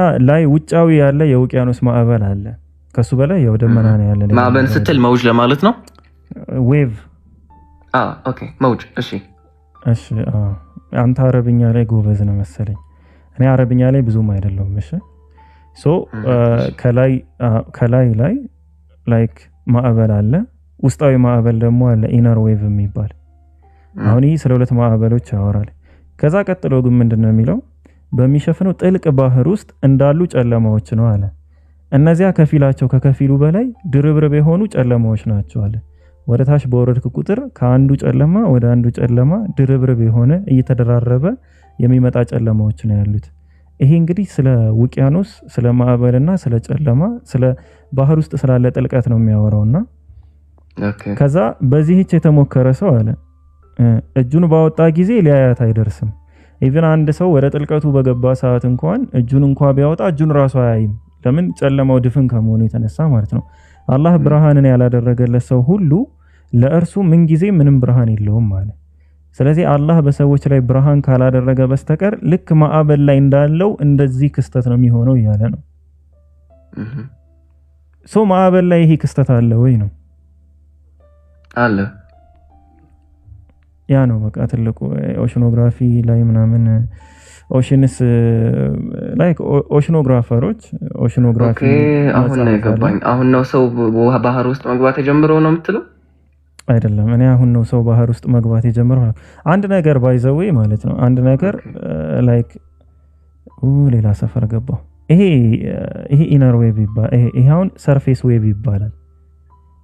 ደመና ላይ ውጫዊ ያለ የውቅያኖስ ማዕበል አለ። ከሱ በላይ ያው ደመና ነው ያለ። ማዕበል ስትል መውጅ ለማለት ነው። ዌቭ መውጅ። እሺ፣ እሺ። አንተ አረብኛ ላይ ጎበዝ ነው መሰለኝ። እኔ አረብኛ ላይ ብዙም አይደለሁም። እሺ። ሶ ከላይ ከላይ ላይ ላይክ ማዕበል አለ። ውስጣዊ ማዕበል ደግሞ አለ፣ ኢነር ዌቭ የሚባል አሁን ይህ ስለ ሁለት ማዕበሎች ያወራል። ከዛ ቀጥሎ ግን ምንድን ነው የሚለው በሚሸፍነው ጥልቅ ባህር ውስጥ እንዳሉ ጨለማዎች ነው አለ። እነዚያ ከፊላቸው ከከፊሉ በላይ ድርብርብ የሆኑ ጨለማዎች ናቸው አለ። ወደ ታች በወረድክ ቁጥር ከአንዱ ጨለማ ወደ አንዱ ጨለማ ድርብርብ የሆነ እየተደራረበ የሚመጣ ጨለማዎች ነው ያሉት። ይሄ እንግዲህ ስለ ውቅያኖስ፣ ስለ ማዕበልና ስለ ጨለማ፣ ስለ ባህር ውስጥ ስላለ ጥልቀት ነው የሚያወራውና ከዛ በዚህች የተሞከረ ሰው አለ እጁን ባወጣ ጊዜ ሊያያት አይደርስም ኢቭን አንድ ሰው ወደ ጥልቀቱ በገባ ሰዓት እንኳን እጁን እንኳ ቢያወጣ እጁን ራሱ አያይም። ለምን? ጨለማው ድፍን ከመሆኑ የተነሳ ማለት ነው። አላህ ብርሃንን ያላደረገለት ሰው ሁሉ ለእርሱ ምንጊዜ ምንም ብርሃን የለውም ማለት። ስለዚህ አላህ በሰዎች ላይ ብርሃን ካላደረገ በስተቀር ልክ ማዕበል ላይ እንዳለው እንደዚህ ክስተት ነው የሚሆነው እያለ ነው። ሶ ማዕበል ላይ ይሄ ክስተት አለ ወይ ነው አለ ያ ነው በቃ ትልቁ ኦሽኖግራፊ ላይ ምናምን ኦሽንስ ላይክ ኦሽኖግራፈሮች ኦሽኖግራፊ አሁን ነው የገባኝ። አሁን ነው ሰው ባህር ውስጥ መግባት የጀምረው ነው የምትለው? አይደለም እኔ አሁን ነው ሰው ባህር ውስጥ መግባት የጀምረው ነው። አንድ ነገር ባይዘዌ ማለት ነው አንድ ነገር ላይክ ሌላ ሰፈር ገባው። ይሄ ይሄ ኢነር ዌብ ይባላል። ይሄ አሁን ሰርፌስ ዌብ ይባላል።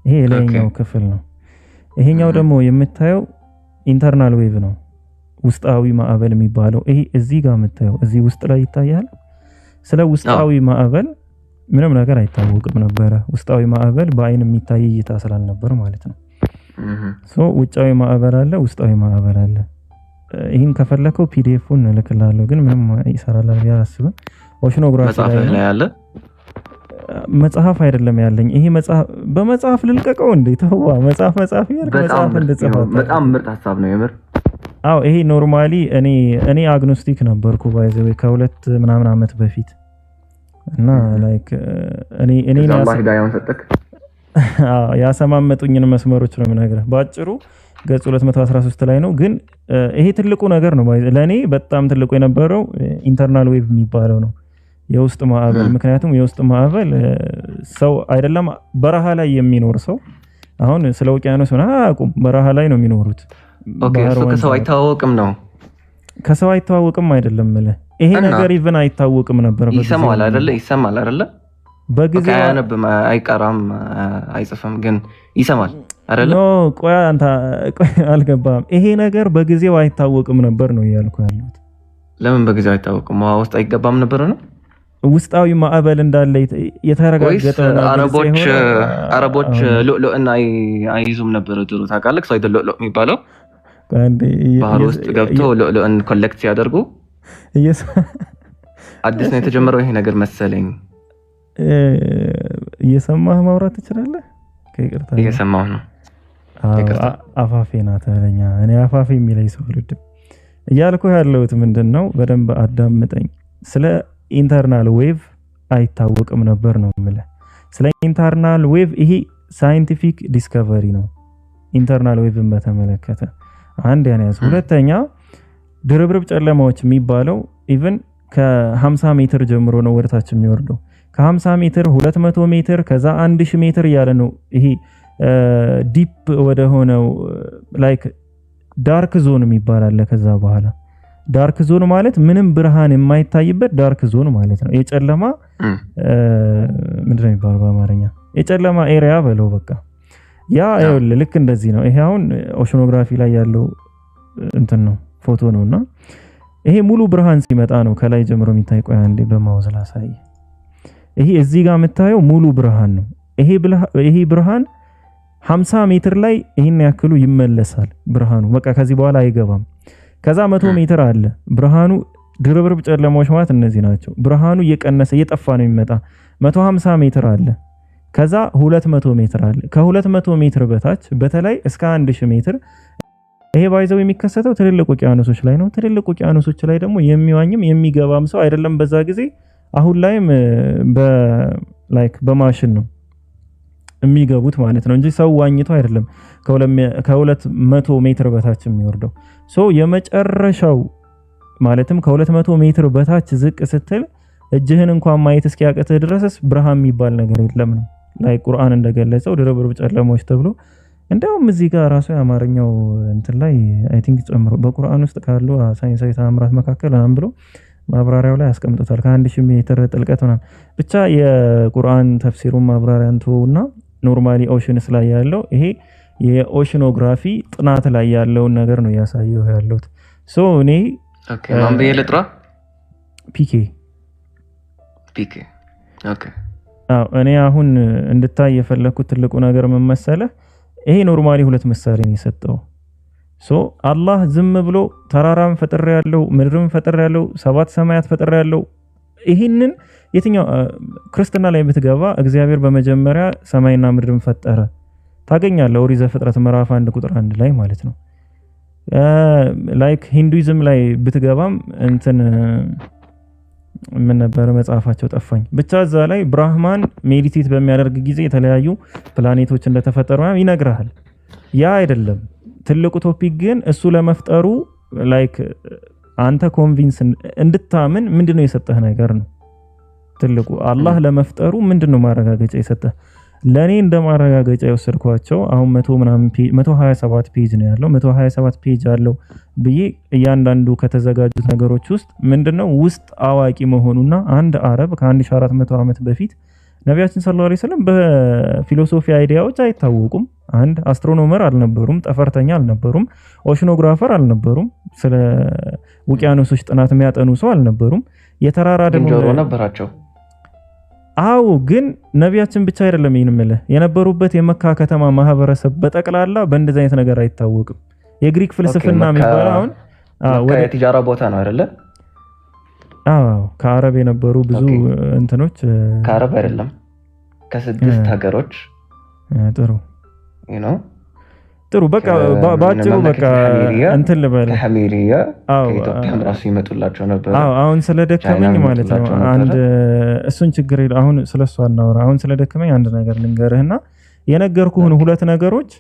ይሄ የላይኛው ክፍል ነው። ይሄኛው ደግሞ የምታየው ኢንተርናል ዌቭ ነው ውስጣዊ ማዕበል የሚባለው። ይሄ እዚህ ጋር የምታየው እዚህ ውስጥ ላይ ይታያል። ስለ ውስጣዊ ማዕበል ምንም ነገር አይታወቅም ነበረ። ውስጣዊ ማዕበል በአይን የሚታይ እይታ ስላልነበር ማለት ነው። ውጫዊ ማዕበል አለ፣ ውስጣዊ ማዕበል አለ። ይህን ከፈለከው ፒዲኤፉን እልክላለሁ፣ ግን ምንም ይሰራላል ብዬ ኦሽኖግራፊ ላይ መጽሐፍ አይደለም ያለኝ ይሄ መጽሐፍ በመጽሐፍ ልልቀቀው እንዴ? ተዋ መጽሐፍ መጽሐፍ እያልክ መጽሐፍ እንደጽፋት በጣም ምርጥ ሀሳብ ነው የምር። አዎ ይሄ ኖርማሊ እኔ እኔ አግኖስቲክ ነበርኩ ባይ ዘ ባይዘዌ ከሁለት ምናምን አመት በፊት እና ላይክ እኔ እኔ ነው ያሰማመጡኝን መስመሮች ነው የምነግርህ ባጭሩ ገጽ 213 ላይ ነው። ግን ይሄ ትልቁ ነገር ነው ለእኔ በጣም ትልቁ የነበረው ኢንተርናል ዌቭ የሚባለው ነው የውስጥ ማዕበል ምክንያቱም የውስጥ ማዕበል ሰው አይደለም በረሃ ላይ የሚኖር ሰው አሁን ስለ ውቅያኖስ ሆነ አያውቁም። በረሃ ላይ ነው የሚኖሩት። ከሰው አይተዋወቅም ነው ከሰው አይተዋወቅም አይደለም ለ ይሄ ነገር ኢቨን አይታወቅም ነበር። ይሰማል አይደለ? ይሰማል አይደለ? በጊዜ አያነብም፣ አይቀራም፣ አይጽፍም ግን ይሰማል አይደለ? ቆይ አንተ አልገባም። ይሄ ነገር በጊዜው አይታወቅም ነበር ነው እያልኩ ያሉት። ለምን በጊዜው አይታወቅም? ውስጥ አይገባም ነበር ነው ውስጣዊ ማዕበል እንዳለ የተረጋገጠ አረቦች አረቦች ሎሎእና አይዙም ነበረ ድሮ ታውቃለህ። ሰው ሎሎ የሚባለው ባህር ውስጥ ገብቶ ሎሎእን ኮሌክት ሲያደርጉ አዲስ ነው የተጀመረው ይሄ ነገር መሰለኝ። እየሰማህ ማውራት ትችላለህ። ከይቅርታ እየሰማሁ ነው። አፋፌ ናት ለኛ። እኔ አፋፌ የሚለኝ ሰው ልድም እያልኩ ያለሁት ምንድን ነው፣ በደንብ አዳምጠኝ ስለ ኢንተርናል ዌቭ አይታወቅም ነበር ነው ምለ ስለ ኢንተርናል ዌቭ ይሄ ሳይንቲፊክ ዲስከቨሪ ነው። ኢንተርናል ዌቭን በተመለከተ አንድ ያዝ። ሁለተኛ ድርብርብ ጨለማዎች የሚባለው ኢቨን ከ50 ሜትር ጀምሮ ነው ወደታች የሚወርደው። ከ50 ሜትር 200 ሜትር ከዛ 1000 ሜትር እያለ ነው ይሄ ዲፕ ወደሆነው ላይክ ዳርክ ዞን የሚባል አለ ከዛ በኋላ ዳርክ ዞን ማለት ምንም ብርሃን የማይታይበት ዳርክ ዞን ማለት ነው። የጨለማ ምንድነው የሚባለው በአማርኛ የጨለማ ኤሪያ በለው በቃ ያ ይኸውልህ፣ ልክ እንደዚህ ነው። ይሄ አሁን ኦሽኖግራፊ ላይ ያለው እንትን ነው ፎቶ ነው። እና ይሄ ሙሉ ብርሃን ሲመጣ ነው ከላይ ጀምሮ የሚታይ። ቆይ አንዴ በማውዝ ላሳይ። ይሄ እዚህ ጋር የምታየው ሙሉ ብርሃን ነው። ይሄ ብርሃን 50 ሜትር ላይ ይህን ያክሉ ይመለሳል ብርሃኑ። በቃ ከዚህ በኋላ አይገባም። ከዛ መቶ ሜትር አለ ብርሃኑ ድርብርብ ጨለማዎች ማለት እነዚህ ናቸው። ብርሃኑ እየቀነሰ እየጠፋ ነው የሚመጣ። 150 ሜትር አለ። ከዛ 200 ሜትር አለ። ከ200 ሜትር በታች በተለይ እስከ 1000 ሜትር ይሄ ባይዘው የሚከሰተው ትልልቅ ውቅያኖሶች ላይ ነው። ትልልቅ ውቅያኖሶች ላይ ደግሞ የሚዋኝም የሚገባም ሰው አይደለም በዛ ጊዜ። አሁን ላይም በላይክ በማሽን ነው የሚገቡት ማለት ነው እንጂ ሰው ዋኝቶ አይደለም ከሁለት መቶ ሜትር በታች የሚወርደው ሶ የመጨረሻው ማለትም ከ200 ሜትር በታች ዝቅ ስትል እጅህን እንኳን ማየት እስኪያቅትህ ድረስስ ብርሃን የሚባል ነገር የለም ነው ላይ ቁርአን እንደገለጸው ድርብርብ ጨለማዎች ተብሎ እንዲያውም እዚህ ጋር ራሱ የአማርኛው እንትን ላይ አይ ቲንክ ጨምሮ በቁርአን ውስጥ ካሉ ሳይንሳዊ ተአምራት መካከል ምናምን ብሎ ማብራሪያው ላይ አስቀምጦታል። ከአንድ ሺ ሜትር ጥልቀት ምናምን ብቻ የቁርአን ተፍሲሩን ማብራሪያ ትወውና ኖርማሊ ኦሽንስ ላይ ያለው ይሄ የኦሽኖግራፊ ጥናት ላይ ያለውን ነገር ነው እያሳየው ያለሁት። እኔ ልጥራ ፒኬ ፒኬ እኔ አሁን እንድታይ የፈለግኩት ትልቁ ነገር ምን መሰለህ? ይሄ ኖርማሊ ሁለት ምሳሌ ነው የሰጠው። አላህ ዝም ብሎ ተራራም ፈጥር ያለው ምድርም ፈጥር ያለው ሰባት ሰማያት ፈጥር ያለው ይህንን የትኛው ክርስትና ላይ ብትገባ እግዚአብሔር በመጀመሪያ ሰማይና ምድርን ፈጠረ ታገኛለህ ኦሪት ዘፍጥረት ምዕራፍ አንድ ቁጥር አንድ ላይ ማለት ነው። ላይክ ሂንዱይዝም ላይ ብትገባም እንትን ምን ነበር መጽሐፋቸው ጠፋኝ። ብቻ እዛ ላይ ብራህማን ሜዲቴት በሚያደርግ ጊዜ የተለያዩ ፕላኔቶች እንደተፈጠሩ ይነግርሃል። ያ አይደለም ትልቁ ቶፒክ ግን እሱ ለመፍጠሩ ላይክ አንተ ኮንቪንስ እንድታምን ምንድነው የሰጠህ ነገር ነው ትልቁ። አላህ ለመፍጠሩ ምንድነው ማረጋገጫ የሰጠህ? ለእኔ እንደ ማረጋገጫ የወሰድኳቸው አሁን መቶ ምናምን 127 ፔጅ ነው ያለው። 127 ፔጅ አለው ብዬ እያንዳንዱ ከተዘጋጁት ነገሮች ውስጥ ምንድነው ውስጥ አዋቂ መሆኑና አንድ አረብ ከ1400 ዓመት በፊት ነቢያችን ሰለላሁ ዐለይሂ ወሰለም በፊሎሶፊ አይዲያዎች አይታወቁም። አንድ አስትሮኖመር አልነበሩም፣ ጠፈርተኛ አልነበሩም፣ ኦሽኖግራፈር አልነበሩም፣ ስለ ውቅያኖሶች ጥናት የሚያጠኑ ሰው አልነበሩም። የተራራ ደግሞ ነበራቸው አዎ ግን ነቢያችን ብቻ አይደለም ይህን ምለ የነበሩበት የመካ ከተማ ማህበረሰብ በጠቅላላ በእንደዚህ አይነት ነገር አይታወቅም። የግሪክ ፍልስፍና የሚባለው አሁን ቦታ ነው አይደለ? አዎ ከአረብ የነበሩ ብዙ እንትኖች ከአረብ አይደለም ከስድስት ሀገሮች ጥሩ ነው ጥሩ በቃ በአጭሩ በቃ እንትን ልበል ከሐሜሪያ ራሱ ይመጡላቸው ነበር። አሁን ስለደከመኝ ማለት ነው አንድ እሱን ችግር አሁን ስለሱ አናወራ። አሁን ስለደከመኝ አንድ ነገር ልንገርህና የነገርኩህን ሁለት ነገሮች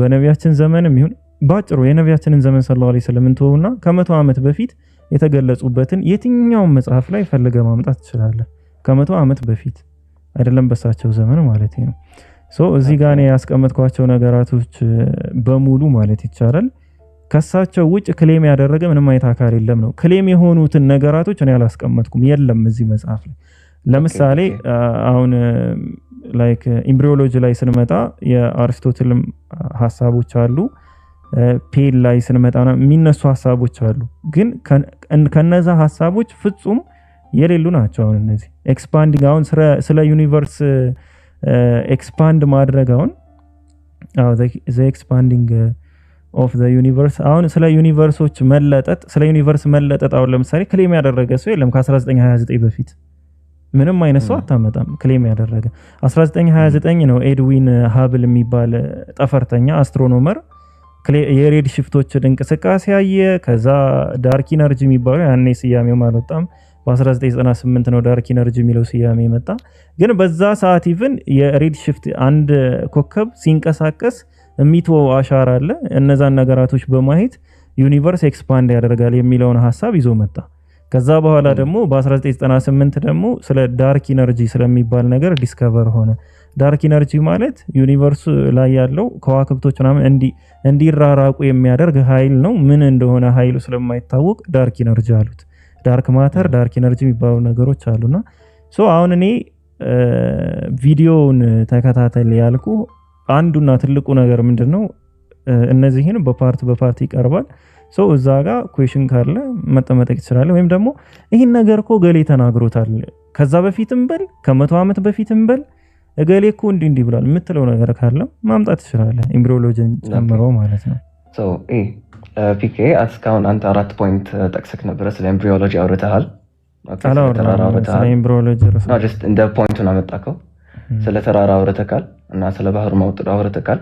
በነቢያችን ዘመንም ይሁን በአጭሩ የነቢያችንን ዘመን ሰለላሁ ዐለይሂ ወሰለም እንትሆና ከመቶ ዓመት በፊት የተገለጹበትን የትኛውን መጽሐፍ ላይ ፈልገ ማምጣት ትችላለህ። ከመቶ ዓመት በፊት አይደለም በሳቸው ዘመን ማለት ነው። እዚህ ጋር ነው ያስቀመጥኳቸው ነገራቶች በሙሉ ማለት ይቻላል። ከሳቸው ውጭ ክሌም ያደረገ ምንም አይነት አካል የለም ነው። ክሌም የሆኑትን ነገራቶች እኔ አላስቀመጥኩም፣ የለም እዚህ መጽሐፍ ላይ። ለምሳሌ አሁን ላይክ ኢምብሪዮሎጂ ላይ ስንመጣ የአርስቶትልም ሀሳቦች አሉ። ፔል ላይ ስንመጣ የሚነሱ ሀሳቦች አሉ። ግን ከነዛ ሀሳቦች ፍጹም የሌሉ ናቸው። አሁን እነዚህ ኤክስፓንዲንግ አሁን ስለ ዩኒቨርስ ኤክስፓንድ uh, ማድረግ አሁን ዘ ኤክስፓንዲንግ ኦፍ ዘ ዩኒቨርስ አሁን ስለ ዩኒቨርሶች መለጠጥ ስለ ዩኒቨርስ መለጠጥ አሁን ለምሳሌ ክሌም ያደረገ ሰው የለም ከ1929 በፊት ምንም አይነት ሰው hmm. አታመጣም። ክሌም ያደረገ 1929 ነው ኤድዊን ሀብል የሚባል ጠፈርተኛ አስትሮኖመር የሬድ ሽፍቶችን እንቅስቃሴ አየ። ከዛ ዳርክ ኢነርጂ የሚባለው ያኔ ስያሜው አልወጣም በ1998 ነው ዳርክ ኢነርጂ የሚለው ስያሜ መጣ። ግን በዛ ሰዓት ኢቭን የሬድ ሽፍት አንድ ኮከብ ሲንቀሳቀስ የሚትወው አሻራ አለ። እነዛን ነገራቶች በማየት ዩኒቨርስ ኤክስፓንድ ያደርጋል የሚለውን ሀሳብ ይዞ መጣ። ከዛ በኋላ ደግሞ በ1998 ደግሞ ስለ ዳርክ ኢነርጂ ስለሚባል ነገር ዲስከቨር ሆነ። ዳርክ ኢነርጂ ማለት ዩኒቨርሱ ላይ ያለው ከዋክብቶች ምናምን እንዲራራቁ የሚያደርግ ኃይል ነው። ምን እንደሆነ ኃይሉ ስለማይታወቅ ዳርክ ኢነርጂ አሉት። ዳርክ ማተር፣ ዳርክ ኤነርጂ የሚባሉ ነገሮች አሉና ሶ አሁን እኔ ቪዲዮውን ተከታተል ያልኩ አንዱና ትልቁ ነገር ምንድን ነው፣ እነዚህን በፓርት በፓርት ይቀርባል። ሰው እዛ ጋር ኩዌሽን ካለ መጠመጠቅ ይችላለ ወይም ደግሞ ይህን ነገር እኮ እገሌ ተናግሮታል ከዛ በፊትም በል ከመቶ ዓመት በፊትም በል እገሌ እኮ እንዲህ እንዲህ ብሏል የምትለው ነገር ካለም ማምጣት ትችላለህ። ኤምብሪዮሎጂን ጨምሮ ማለት ነው። ፒኬ uh, እስካሁን አንተ አራት ፖይንት uh, ጠቅሰክ ነበረ። ስለ ኤምብሪዮሎጂ አውርተሃል፣ እንደ ፖይንቱን አመጣከው። ስለ ተራራ አውርተካል እና ስለ ባህሩ ማውጥድ አውርተካል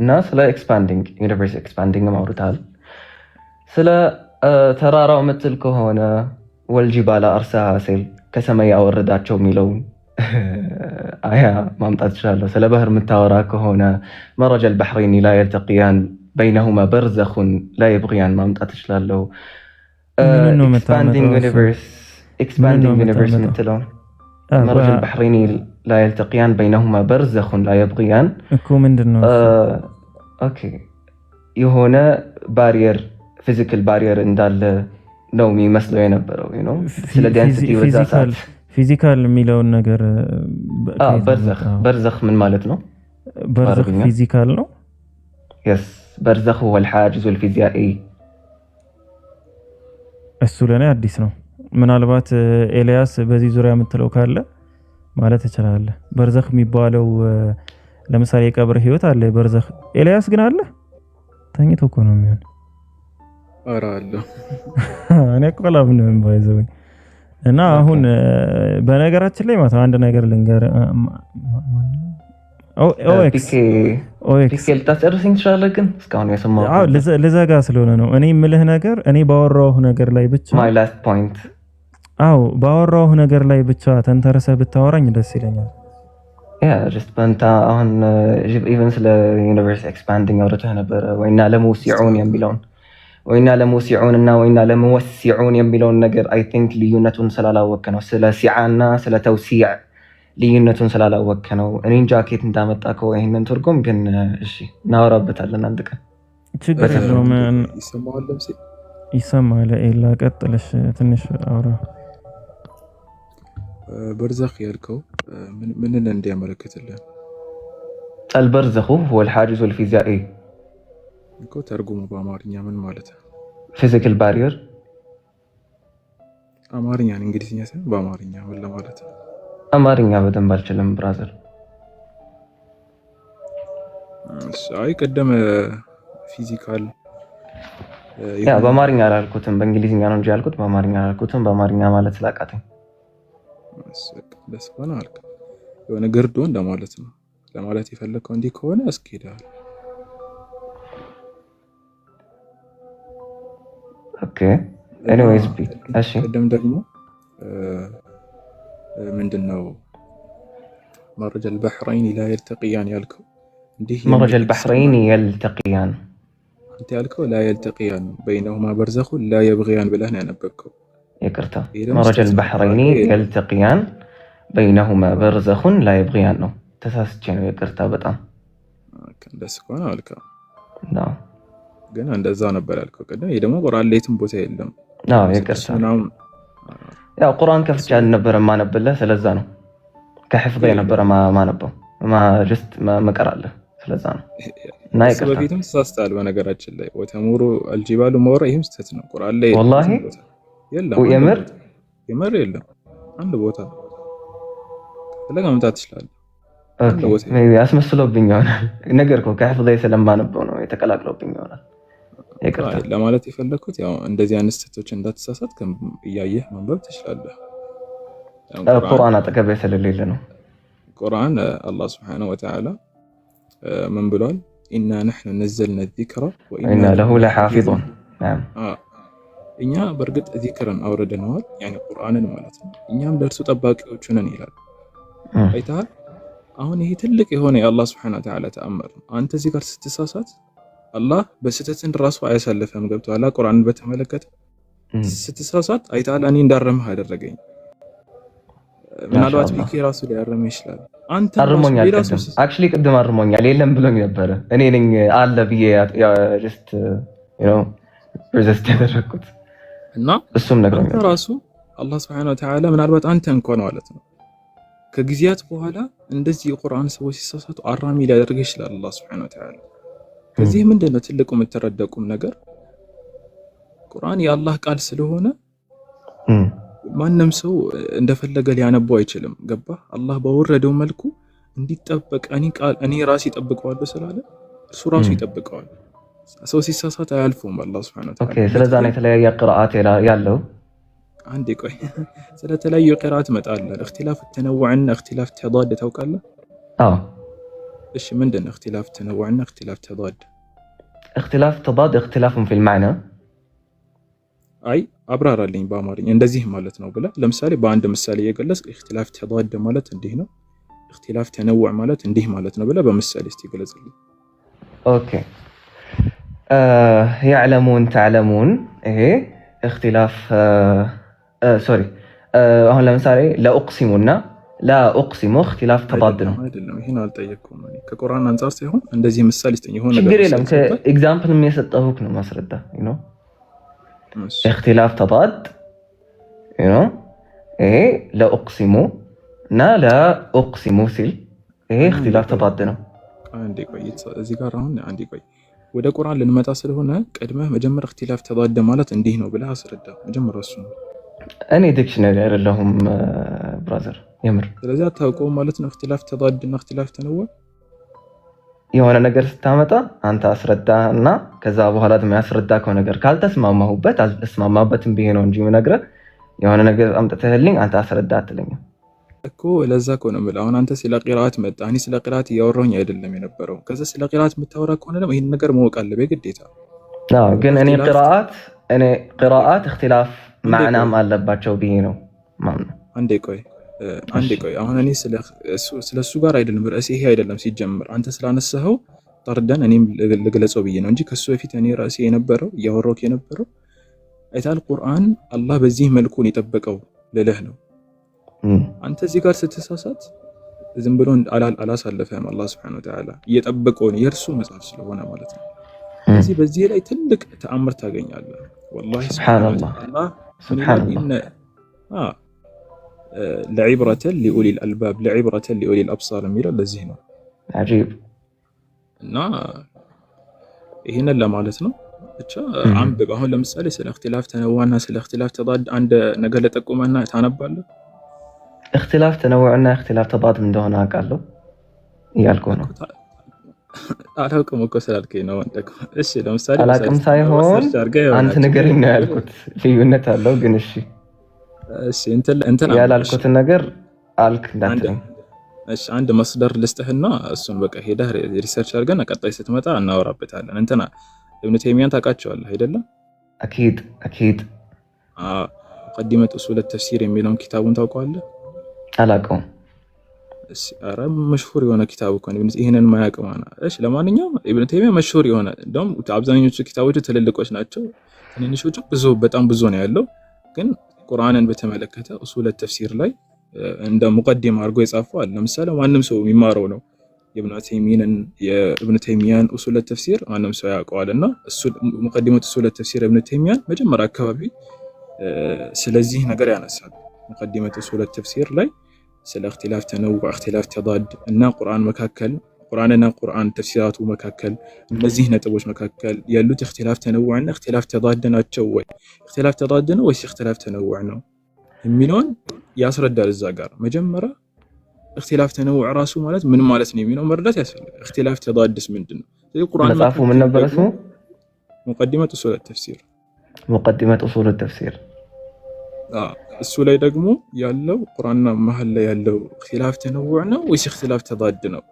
እና ስለ ኤክስፓንዲንግ ዩኒቨርስ ኤክስፓንዲንግም አውርተሃል። ስለ uh, ተራራው ምትል ከሆነ ወልጂ ባላ አርሳ ሴል ከሰማይ ያወረዳቸው የሚለውን አያ ማምጣት ይችላለሁ። ስለ ባህር የምታወራ ከሆነ መረጃ ልባሕሪን ላ የልተቂያን በይነሁማ በርዘኹን ላይ ብሪያን ማምጣት እችላለሁ። ኤክስፓንዲንግ ዩኒቨርስ ኤክስፓንዲንግ ዩኒቨርስ የምትለው መረጅ ባሕሪኒ ላይ ልተቅያን በይነሁማ በርዘኹን ላይ ብሪያን uh, የሆነ ባሪየር ፊዚካል ባሪየር እንዳለ ነው የሚመስለው የነበረው ስለ ዴንሲቲ በዛ ሰዓት ፊዚካል የሚለውን ነገር በርዘኽ ምን ማለት ነው? በርዘኽ ፊዚካል ነው። በርዘኽ ወልሓጅዙ ልፊዚያኢ እሱ ለእኔ አዲስ ነው። ምናልባት ኤልያስ በዚህ ዙሪያ የምትለው ካለ ማለት ትችላለህ። በርዘኽ የሚባለው ለምሳሌ የቀብር ህይወት አለ በርዘኽ። ኤልያስ ግን አለ ተኝቶ እኮ ነው የሚሆን። ኧረ እኔ እኮ አላምንም እና አሁን በነገራችን ላይ ማለት አንድ ነገር ልንገር ፒኬ ልዘጋ ስለሆነ ነው። እኔ የምልህ ነገር እኔ ባወራሁ ነገር ላይ ብቻ ባወራሁ ነገር ላይ ብቻ ተንተረሰ ብታወራኝ ደስ ይለኛል። አሁን uh, ስለ ዩኒቨርስ ኤክስፓንዲንግ አውርተህ ነበረ ወይና ለመውሲዑን የሚለውን ወይና ለመውሲዑን እና ወይና ለመወሲዑን የሚለውን ነገር አይ ቲንክ ልዩነቱን ስላላወቅ ነው ስለ ሲዓ እና ስለ ተውሲዕ ልዩነቱን ስላላወቅክ ነው። እኔን ጃኬት እንዳመጣ ከው ይህንን ትርጉም ግን እሺ እናወራበታለን አንድ ቀን። ይሰማል። ኤላ ቀጥልሽ ትንሽ አውራ። በርዘኽ ያልከው ምንን እንዲያመለክትልን? አልበርዘኹ ወልሓሪዙ ልፊዚያኢ እኮ ተርጉሙ በአማርኛ ምን ማለት ነው? ፊዚካል ባሪየር አማርኛ፣ እንግሊዝኛ ሳይሆን በአማርኛ ምን ለማለት ነው? አማርኛ በደንብ አልችልም ብራዘር። አይ ቀደመ ፊዚካል ያ በአማርኛ አላልኩትም፣ በእንግሊዝኛ ነው እንጂ ያልኩት በአማርኛ አላልኩትም። በአማርኛ ማለት ስላቃተኝ ለስሆነ አልክ የሆነ ግርዶ እንደማለት ነው ለማለት የፈለግከው እንዲህ ከሆነ ያስኬዳል። ኦኬ ኤኒዌይስ ቢ እሺ። ቀደም ደግሞ ምንድን ነው መረጀ አልባሕረይን ላ የልተቅያን ያልከው እንዲህ መረጀ አልባሕረይን የልተቅያን አንተ ያልከው ላ የልተቅያን በይነሁማ በርዘኹን ላ የብግያን ብለህ ነው ያነበብከው። ይቅርታ መረጀ አልባሕረይን የልተቅያን በይነሁማ በርዘኹን ላ የብግያን ነው። ተሳስቼ ነው ይቅርታ። በጣም እንደሱ ከሆነ አልከው፣ ግን እንደዛ ነበር ያልከው ቅድም። ይህ ደግሞ ቁርአን ሌትም ቦታ የለም። ይቅርታ ያው ቁርአን ከፍቼ አልነበረም ማነብልህ። ስለዛ ነው ከሕፍظ የነበረ ማነበው ማጅስት መቀራለህ። ስለዛ ነው እና ይቅርታ። በፊትም ተሳስተሃል። በነገራችን ላይ ወተሙሩ አልጂባሉ መወራ፣ ይህም ስህተት ነው። ቁርአን ላይ ወላሂ የምር የምር የለም። አንድ ቦታ ፈለግ መምጣት ትችላለህ። ያስመስሎብኝ ይሆናል ነገር ከሕፍظ ስለማነበው ነው የተቀላቅሎብኝ ይሆናል። ይቅርታል ለማለት የፈለግኩት ያው እንደዚህ አይነት ስህተቶች እንዳትሳሳት እያየህ ማንበብ ትችላለህ። ቁርአን አጠገብ ስለሌለ ነው። ቁርአን አላህ ስብሐነሁ ወተዓላ ምን ብሏል? ኢና ነሕኑ ነዘልና ዚክረ ወኢና ለሁ ለሓፊዙን። እኛ በእርግጥ ዚክርን አውርድነዋል፣ ቁርአንን ማለት ነው። እኛም ለእርሱ ጠባቂዎቹ ነን ይላል። አይተሃል። አሁን ይሄ ትልቅ የሆነ የአላህ ስብሐነሁ ወተዓላ ተአምር ነው። አንተ እዚህ ጋር ስትሳሳት አላህ በስህተትን ራሱ አያሳልፈም። ገብቶሃል? ቁርአንን በተመለከተ ስትሳሳት አይተሃል። እኔ እንዳረምህ አደረገኝ። ምናልባት ፒኬ ራሱ ሊያርምህ ይችላል። አንተ አርሞኛል። አክቹሊ ቅድም አርሞኛል የለም ብሎኝ ነበረ። እኔ ነኝ አለ ብዬ ጀስት ዩ እና እሱም ነግሮኛል። ራሱ አላህ ሱብሓነሁ ወተዓላ ምናልባት አንተ እንኳን ማለት ነው ከጊዜያት በኋላ እንደዚህ የቁርአን ሰዎች ሲሳሳቱ አራሚ ሊያደርግ ይችላል አላህ ሱብሓነሁ ወተዓላ ከዚህ ምንድን ነው ትልቁ የምትረደቁም ነገር ቁርአን የአላህ ቃል ስለሆነ ማንም ሰው እንደፈለገ ሊያነባው አይችልም። ገባ አላህ ባወረደው መልኩ እንዲጠበቅ እኔ ቃል እኔ ራሴ ይጠብቀዋለሁ ስላለ እርሱ ራሱ ይጠብቀዋል። ሰው ሲሳሳት አያልፈውም አላህ ሱብሓነሁ ወተዓላ። ስለዛ ነው የተለያየ ቅርአት ያለው። አንዴ ቆይ ስለተለያዩ ቅርአት መጣለን። እክትላፍ ተነውዕና እክትላፍ ተዳድ ታውቃለህ? አዎ ايش مندن اختلاف تنوع اختلاف تضاد اختلاف تضاد اختلاف في المعنى اي ابرار اللي بامارين يعني اندزيه مالت نو بلا لمسالي باند مسالي يقلس اختلاف تضاد مالت اندهنا اختلاف تنوع مالت انديه مالت بلا بلا بمسالي استيقلز لي اوكي آه يعلمون تعلمون ايه اختلاف آه آه سوري آه هون لمسالي لا اقسمنا لا اقسم اختلاف تضادنا هنا التيكم يعني كقران انزار سيهم اندزي مثال يستني هنا شكرا لهم انت اكزامبل مي ستوك نو مصر يو نو اختلاف تضاد يو نو ايه لا اقسم نا لا اقسم سيل ايه اختلاف طيب. تضادنا نو عندي كوي ازي قرا هنا عندي كوي وده قران لنمتا هنا قدمه مجمر اختلاف تضاد مالت عندي هنا بلا اسرده مجمر رسول እኔ ዲክሽነሪ አይደለሁም ብራዘር፣ የምር ስለዚህ አታውቀውም ማለት ነው። እክትላፍ ተዳድ እና እክትላፍ ተነወ የሆነ ነገር ስታመጣ አንተ አስረዳ እና ከዛ በኋላ ደሞ ያስረዳ ነገር ካልተስማማሁበት አልተስማማበትም ብዬ ነው እንጂ ምነግረ የሆነ ነገር አምጥተህልኝ አንተ አስረዳ አትለኝም እኮ ለዛ እኮ ነው የምልህ። አሁን አንተ ስለ ቂራአት መጣ፣ እኔ ስለ ቂራአት እያወራሁኝ አይደለም የነበረው። ከዛ ስለ ቂራአት የምታወራ ከሆነ ደግሞ ይህን ነገር መወቅ አለብህ ግዴታ። ግን እኔ ቂራአት እኔ ቂራአት እክትላፍ ማዕናም አለባቸው ብዬ ነው። አንዴ ቆይ አንዴ ቆይ። አሁን እኔ ስለ እሱ ጋር አይደለም ርዕሴ ይሄ አይደለም። ሲጀምር አንተ ስላነሳኸው ጠርደን እኔም ልግለጸው ብዬ ነው እንጂ ከሱ በፊት እኔ ርዕሴ የነበረው እያወራሁት የነበረው አይታል ቁርአን አላህ በዚህ መልኩን የጠበቀው ልልህ ነው። አንተ እዚህ ጋር ስትሳሳት ዝም ብሎ አላሳለፈህም። አላህ ስብሐነሁ ወተዓላ እየጠበቀውን የእርሱ መጽሐፍ ስለሆነ ማለት ነው። ስለዚህ በዚህ ላይ ትልቅ ተአምር ታገኛለህ። ወላሂ ስብሐነሁ ወተዓላ سبحان الله إن... آه. آه. لعبرة لأولي الألباب لعبرة لأولي الأبصار ميرا لزهنة عجيب نا هنا اللي مالتنا عم ببهون لما سألي سأل تنوع الناس الاختلاف تضاد عند نقل أنا أنها تانب اختلاف تنوعنا اختلاف تضاد من دون قالوا يالكونه አላውቅም እኮ ስላልከኝ ነው። እሺ ለምሳሌ አላውቅም ሳይሆን አንተ ነገር ነው ያልኩት። ልዩነት አለው ግን እሺ ያላልኩትን ነገር አልክ እንዳትለኝ። እሺ አንድ መስደር ልስጥህና እሱን በቃ ሄደህ ሪሰርች አድርገን ቀጣይ ስትመጣ እናወራበታለን። እንትና ኢብኑ ተይሚያን ታውቃቸዋለህ አይደለም? አኪድ አኪድ ሙቀዲመት ኡሱለ ተፍሲር የሚለውን ኪታቡን ታውቀዋለህ? አላውቀውም ኧረ መሽሁር የሆነ ኪታብ እኮ ይህንን ማያቅማ ነው። እሺ ለማንኛውም ኢብን ተይሚያ መሽሁር የሆነ እንደውም አብዛኞቹ ኪታቦቹ ትልልቆች ናቸው። ትንንሾቹ ብዙ በጣም ብዙ ነው ያለው። ግን ቁርአንን በተመለከተ ኡሱለ ተፍሲር ላይ እንደ ሙቀዲም አድርጎ የጻፈዋል አለ። ለምሳሌ ማንም ሰው የሚማረው ነው የኢብን ተይሚያን ኡሱለ ተፍሲር ማንም ሰው ያውቀዋልና እሱ ሙቀዲመት ኡሱለ ተፍሲር ኢብን ተይሚያን መጀመሪያ አካባቢ ስለዚህ ነገር ያነሳል። ሙቀዲመት ኡሱለ ተፍሲር ላይ ስለ እክትላፍ ተነውዕ እክትላፍ ተዳድ እና ቁርአን መካከል ቁርአንና ቁርአን ተፍሲራቱ መካከል እነዚህ ነጥቦች መካከል ያሉት እክትላፍ ተነውዕ እና እክትላፍ ተዳድ ናቸው ወይ እክትላፍ ተዳድ ነው ወይስ እክትላፍ ተነውዕ ነው የሚለውን ያስረዳል። እዛ ጋር መጀመሪያ እክትላፍ ተነውዕ ራሱ ማለት ምን ማለት ነው የሚለው መረዳት ያስፈልጋል። እክትላፍ ተዳድስ ምንድን ነው? መጽሐፉ ምን ነበረ ስሙ? ሙቀዲመት ኡሱል ተፍሲር ሙቀዲመት ኡሱል ተፍሲር እሱ ላይ ደግሞ ያለው ቁርአንና መሀል ላይ ያለው እክትላፍ ተነውዕ ነው ወይስ እክትላፍ ተዳድ ነው?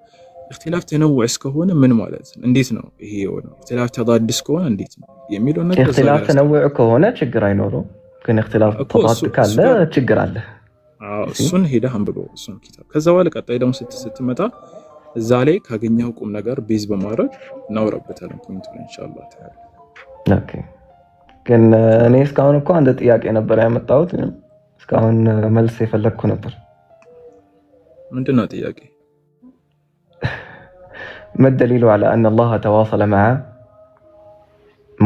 እክትላፍ ተነውዕ እስከሆነ ምን ማለት ነው? እንዴት ነው ይሄ የሆነው? እክትላፍ ተዳድ እስከሆነ እንዴት ነው የሚለው ነገር እክትላፍ ተነውዕ ከሆነ ችግር አይኖረውም፣ ግን እክትላፍ ተዳድ ካለ ችግር አለ። እሱን ሄደህ አንብበው እሱን ኪታብ። ከዛ በኋላ ቀጣይ ደግሞ ስትመጣ እዛ ላይ ካገኘው ቁም ነገር ቤዝ በማድረግ እናውራበታለን። ፖይንቱ ላይ ግን እኔ እስካሁን እኮ አንድ ጥያቄ ነበር ያመጣሁት እስካሁን መልስ የፈለግኩ ነበር። ምንድን ነው ጥያቄ? መደሊሉ አለ አን አላህ ተዋሰለ መዓ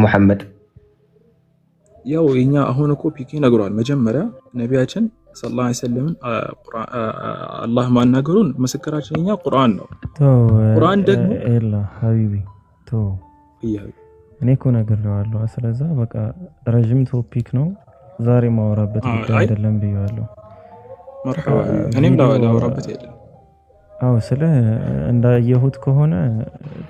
ሙሐመድ። ያው እኛ አሁን እኮ ፒኬ ነግሯል። መጀመሪያ ነቢያችን ሰለላሁ ዐለይሂ ወሰለም አላህ ማናገሩን ምስክራችን እኛ ቁርአን ነው። ቁርአን ደግሞ ሀቢቢ እኔ እኮ ነግሬዋለሁ። ስለዛ በቃ ረዥም ቶፒክ ነው ዛሬ ማወራበት ጉዳይ አይደለም ብያለሁ። እኔም ላወራበት አዎ ስለ እንዳየሁት ከሆነ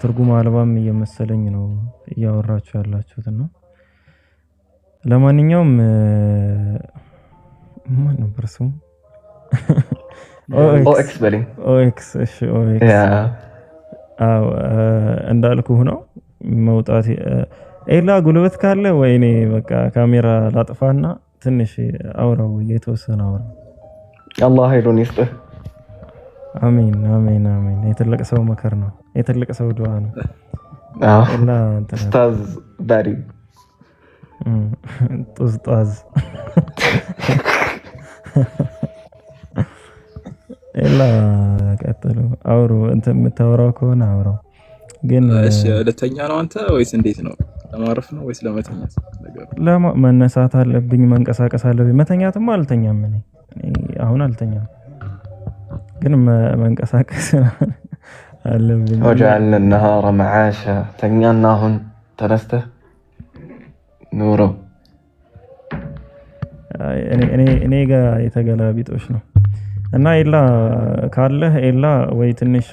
ትርጉም አልባም እየመሰለኝ ነው እያወራችሁ ያላችሁት ነው። ለማንኛውም ማን ነበር ስሙ? ኦኤክስ ነው መውጣት ኤላ ጉልበት ካለ ወይኔ በቃ ካሜራ ላጥፋና ትንሽ አውራው እየተወሰነ አውራ። አላህ ኃይሉን ይስጥህ። አሜን አሜን አሜን። የትልቅ ሰው መከር ነው፣ የትልቅ ሰው ዱዓ ነው። ኡስታዝ ዳሪ ኤላ ቀጥሉ፣ አውሩ። እንትን የምታወራው ከሆነ አውራው። ግን ሁለተኛ ነው አንተ ወይስ እንዴት ነው? ለማረፍ ነው ወይስ ለመተኛት? መነሳት አለብኝ፣ መንቀሳቀስ አለብኝ። መተኛትማ አልተኛም። እኔ አሁን አልተኛም፣ ግን መንቀሳቀስ አለብኝ። ወጀዐልና ነሃረ መዓሻ ተኛና አሁን ተነስተህ ኑረው። እኔ ጋ የተገላቢጦች ነው እና ኤላ ካለህ ኤላ ወይ ትንሽ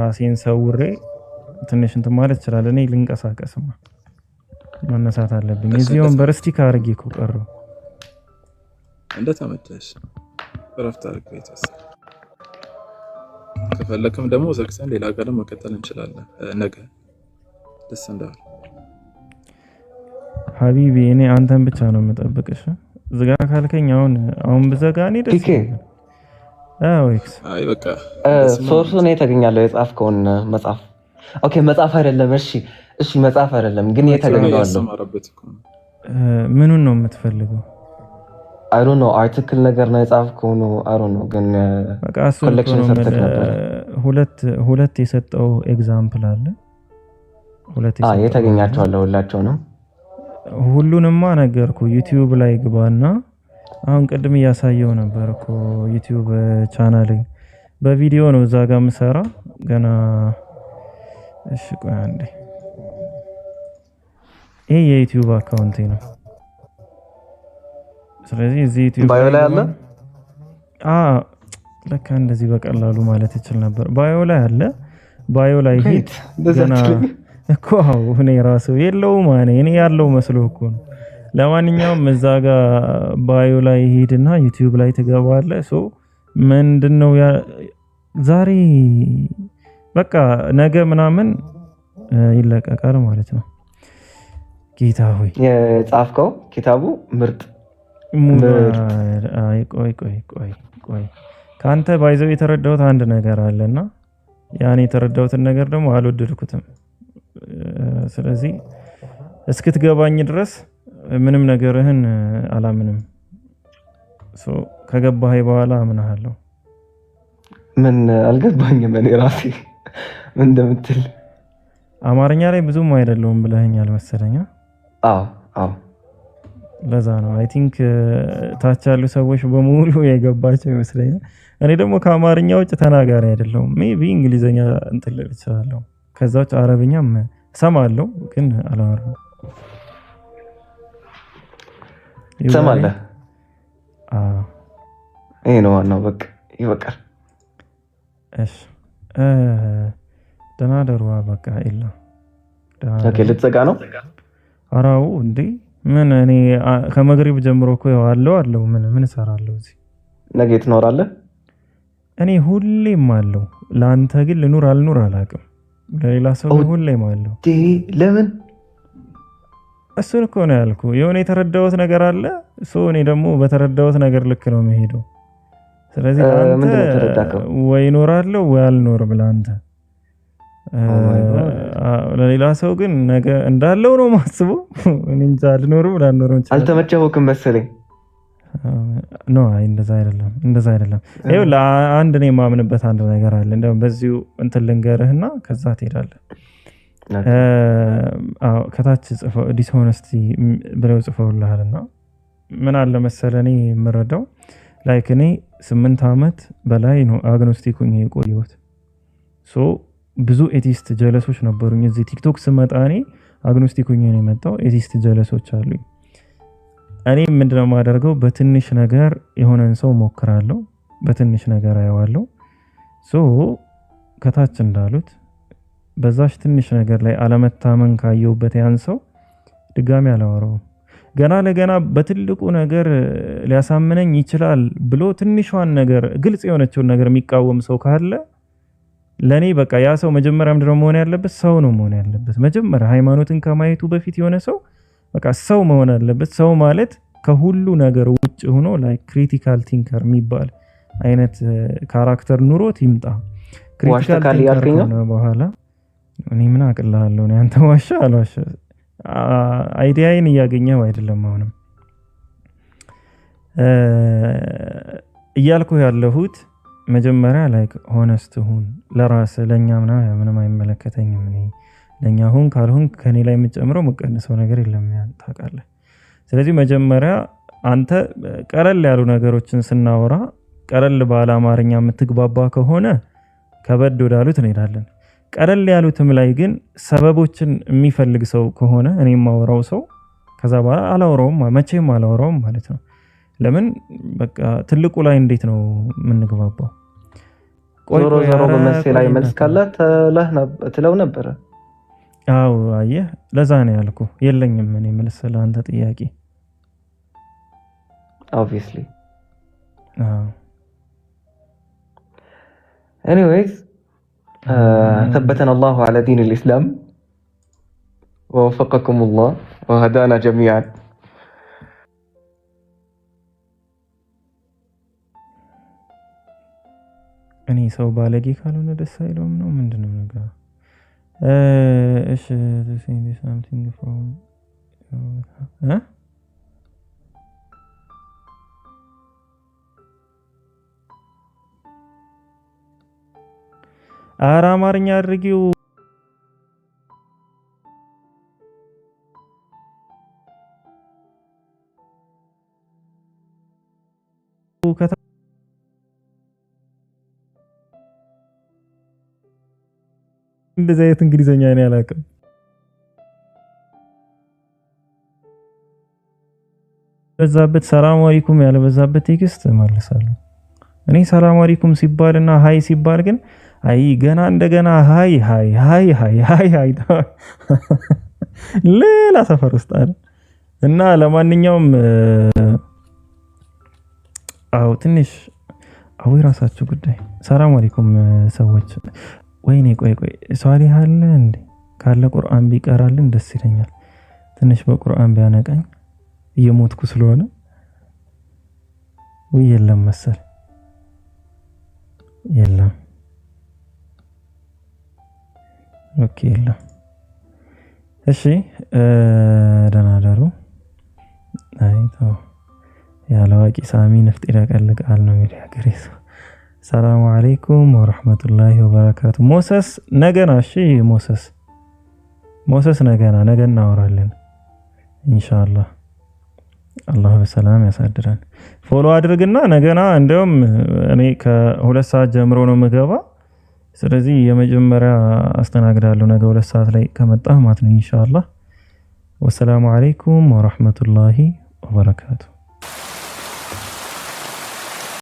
ራሴን ሰውሬ ትንሽ እንትን ማለት ይችላል። እኔ ልንቀሳቀስማ መነሳት አለብኝ። እዚህ ወንበር እስቲ ካርጌ እኮ ቀረው እንደ ተመቸሽ እረፍት አድርግ። ቤተስ ከፈለክም ደግሞ ዘግተን ሌላ ቀንም መቀጠል እንችላለን። ነገ ደስ እንዳል ሀቢቢ፣ እኔ አንተን ብቻ ነው የምጠብቅሽ። ዝጋ ካልከኝ አሁን አሁን ብዘጋ እኔ ደስ ሶርሱ እኔ ተገኛለሁ። የጻፍከውን መጽሐፍ ኦኬ፣ መጽሐፍ አይደለም እሺ እሺ መጽሐፍ አይደለም ግን የተገኘዋለሁ። ምኑን ነው የምትፈልገው? አይሮ ነው አርቲክል ነገር ነው የጻፍከው ነው አይሮ ነው ግን ኮሌክሽን ሰርተክ ነበር። ሁለት ሁለት የሰጠው ኤግዛምፕል አለ። ሁለት የሰጠው የተገኛቸዋለሁ ሁላቸው ነው። ሁሉንማ ነገርኩ። ዩቲዩብ ላይ ግባና አሁን ቅድም እያሳየው ነበር እኮ ዩቲዩብ ቻናል በቪዲዮ ነው እዛ ጋር ምሰራ ገና። እሺ ቆይ አንዴ ይህ የዩቲዩብ አካውንቴ ነው። ስለዚህ እዚህ ዩቲዩብ ባዮ ላይ አለ። ለካ እንደዚህ በቀላሉ ማለት ይችል ነበር። ባዮ ላይ አለ። ባዮ ላይ ሂድ ገና እኮ እኔ ራሱ የለውም ማለ እኔ ያለው መስሎ እኮ ነው። ለማንኛውም እዛ ጋ ባዮ ላይ ሂድና ዩቲዩብ ላይ ትገባለ። ምንድን ነው ዛሬ በቃ ነገ ምናምን ይለቀቃል ማለት ነው። ጌታ ሆይ የጻፍከው ኪታቡ ምርጥ ከአንተ ባይዘው የተረዳሁት አንድ ነገር አለና ያን የተረዳሁትን ነገር ደግሞ አልወደድኩትም። ስለዚህ እስክትገባኝ ድረስ ምንም ነገርህን አላምንም። ከገባህ በኋላ አምናሃለሁ። ምን አልገባኝም። እኔ ራሴ ምን እንደምትል አማርኛ ላይ ብዙም አይደለውም ብለኸኛል መሰለኛ አዎ አዎ ለዛ ነው አይ ቲንክ ታች ያሉ ሰዎች በሙሉ የገባቸው ይመስለኛል። እኔ ደግሞ ከአማርኛ ውጭ ተናጋሪ አይደለሁም። ሜቢ እንግሊዝኛ እንትን ልል እችላለሁ። ከዛ ውጭ አረብኛም እሰማለሁ ግን አላወራም። ትሰማለህ? ይሄ ነው ዋናው። በቃ ይበቃል። እሺ ደህና ደሩ። በቃ የለም ልትዘጋ ነው አራው እንዴ ምን እኔ ከመግሪብ ጀምሮ እኮ አለው አለው ምን ምን እሰራለሁ እዚህ። ነገ ትኖራለህ? እኔ ሁሌም አለው። ለአንተ ግን ልኑር አልኑር አላውቅም። ለሌላ ሰው ሁሌም አለው። ለምን? እሱን እኮ ነው ያልኩ። የሆነ የተረዳሁት ነገር አለ። እኔ ደግሞ በተረዳሁት ነገር ልክ ነው የሚሄደው ስለዚህ ለአንተ ወይ እኖራለሁ ወይ አልኖርም ለአንተ ለሌላ ሰው ግን ነገ እንዳለው ነው ማስበው። እንጃ ልኖርም ላልኖርም አልተመቸውክም መሰለኝ። ኖ እንደዛ አይደለም፣ እንደዛ አይደለም። ይኸው እኔ የማምንበት አንድ ነገር አለ። እንደውም በዚሁ እንትን ልንገርህና ከዛ ትሄዳለህ። ከታች ዲስሆነስቲ ብለው ጽፈውልሃል እና ምን አለ መሰለ እኔ የምረዳው ላይክ እኔ ስምንት ዓመት በላይ ነው አግኖስቲክ ሆኜ የቆየሁት ብዙ ኤቲስት ጀለሶች ነበሩኝ። እዚህ ቲክቶክ ስመጣ እኔ አግኖስቲክ ሆኜ ነው የመጣው። ኤቲስት ጀለሶች አሉኝ። እኔ ምንድነው የማደርገው? በትንሽ ነገር የሆነን ሰው ሞክራለሁ፣ በትንሽ ነገር አየዋለሁ። ሶ ከታች እንዳሉት በዛች ትንሽ ነገር ላይ አለመታመን ካየውበት ያን ሰው ድጋሚ አላወራውም። ገና ለገና በትልቁ ነገር ሊያሳምነኝ ይችላል ብሎ ትንሿን ነገር ግልጽ የሆነችውን ነገር የሚቃወም ሰው ካለ ለእኔ በቃ ያ ሰው መጀመሪያ ምንድነው መሆን ያለበት? ሰው ነው መሆን ያለበት። መጀመሪያ ሃይማኖትን ከማየቱ በፊት የሆነ ሰው በቃ ሰው መሆን አለበት። ሰው ማለት ከሁሉ ነገር ውጭ ሆኖ ላይ ክሪቲካል ቲንከር የሚባል አይነት ካራክተር ኑሮት ይምጣ። ክሪቲካል ቲንከር ከሆነ በኋላ እኔ ምን አቅልሃለሁ? አንተ ዋሻ አልዋሻ አይዲያዬን እያገኘው አይደለም። አሁንም እያልኩ ያለሁት መጀመሪያ ላይክ ሆነስት ሁን ለራስ ለእኛ ምና ምንም አይመለከተኝም እኔ ለእኛ ሁን ካልሁን ከኔ ላይ የምጨምረው የምቀንሰው ነገር የለም ታቃለ ስለዚህ መጀመሪያ አንተ ቀለል ያሉ ነገሮችን ስናወራ ቀለል ባለ አማርኛ የምትግባባ ከሆነ ከበድ ወዳሉት እንሄዳለን። ቀለል ያሉትም ላይ ግን ሰበቦችን የሚፈልግ ሰው ከሆነ እኔ የማወራው ሰው ከዛ በኋላ አላውረውም መቼም አላወራውም ማለት ነው። ለምን በቃ ትልቁ ላይ እንዴት ነው የምንግባባው? ዞሮ ዞሮ በመልሴ ላይ መልስ ካለ ትለው ነበረ። አዎ አየህ፣ ለዛ ነው ያልኩ። የለኝም እኔ መልስ ለአንተ ጥያቄ። ኦብቪስሊ ኤኒዌይዝ ተበተን አላሁ አላ ዲን ልእስላም ወወፈቀኩም ላህ ወሀዳና ጀሚዓን እኔ ሰው ባለጌ ካልሆነ ደስ አይለውም ነው ምንድነው ነገር ነገሩ? አማርኛ አድርጊው። እንደዚህ አይነት እንግሊዘኛ እኔ አላውቅም። በዛበት ሰላም አለይኩም ያለ በዛበት ቴክስት እመልሳለሁ። እኔ ሰላም አለይኩም ሲባልና ሀይ ሲባል ግን አይ ገና እንደገና ሀይ ሀይ ሀይ ሀይ ሀይ ሀይ ሌላ ሰፈር ውስጥ አለ እና ለማንኛውም አው ትንሽ አዊ ራሳችሁ ጉዳይ። ሰላም አለይኩም ሰዎች ወይኔ ቆይ ቆይ ሷሊህ አለ እንዴ? ካለ ቁርአን ቢቀራልን ደስ ይለኛል። ትንሽ በቁርአን ቢያነቃኝ እየሞትኩ ስለሆነ ወይ የለም መሰል የለም። ኦኬ የለም። እሺ ደህና ደሩ። አይ ተው ያለ አዋቂ ሳሚ ነፍጥ ይለቀልቃል ነው የሚል ሀገሬ ሰው ሰላሙ አለይኩም ወረሕመቱላሂ ወበረካቱ። ሞሰስ ነገና፣ እሺ ሞሰስ ሞሰስ ነገና፣ ነገ እናወራለን ኢንሻአላህ። አላህ በሰላም ያሳድረን። ፎሎ አድርግና ነገና፣ እንዲሁም እኔ ከሁለት ሰዓት ጀምሮ ነው መገባ ስለዚህ የመጀመሪያ አስተናግዳለሁ ነገ ሁለት ሰዓት ላይ ከመጣ ማለት ነው ኢንሻአላህ። ወሰላሙ አለይኩም ወራህመቱላሂ ወበረካቱ።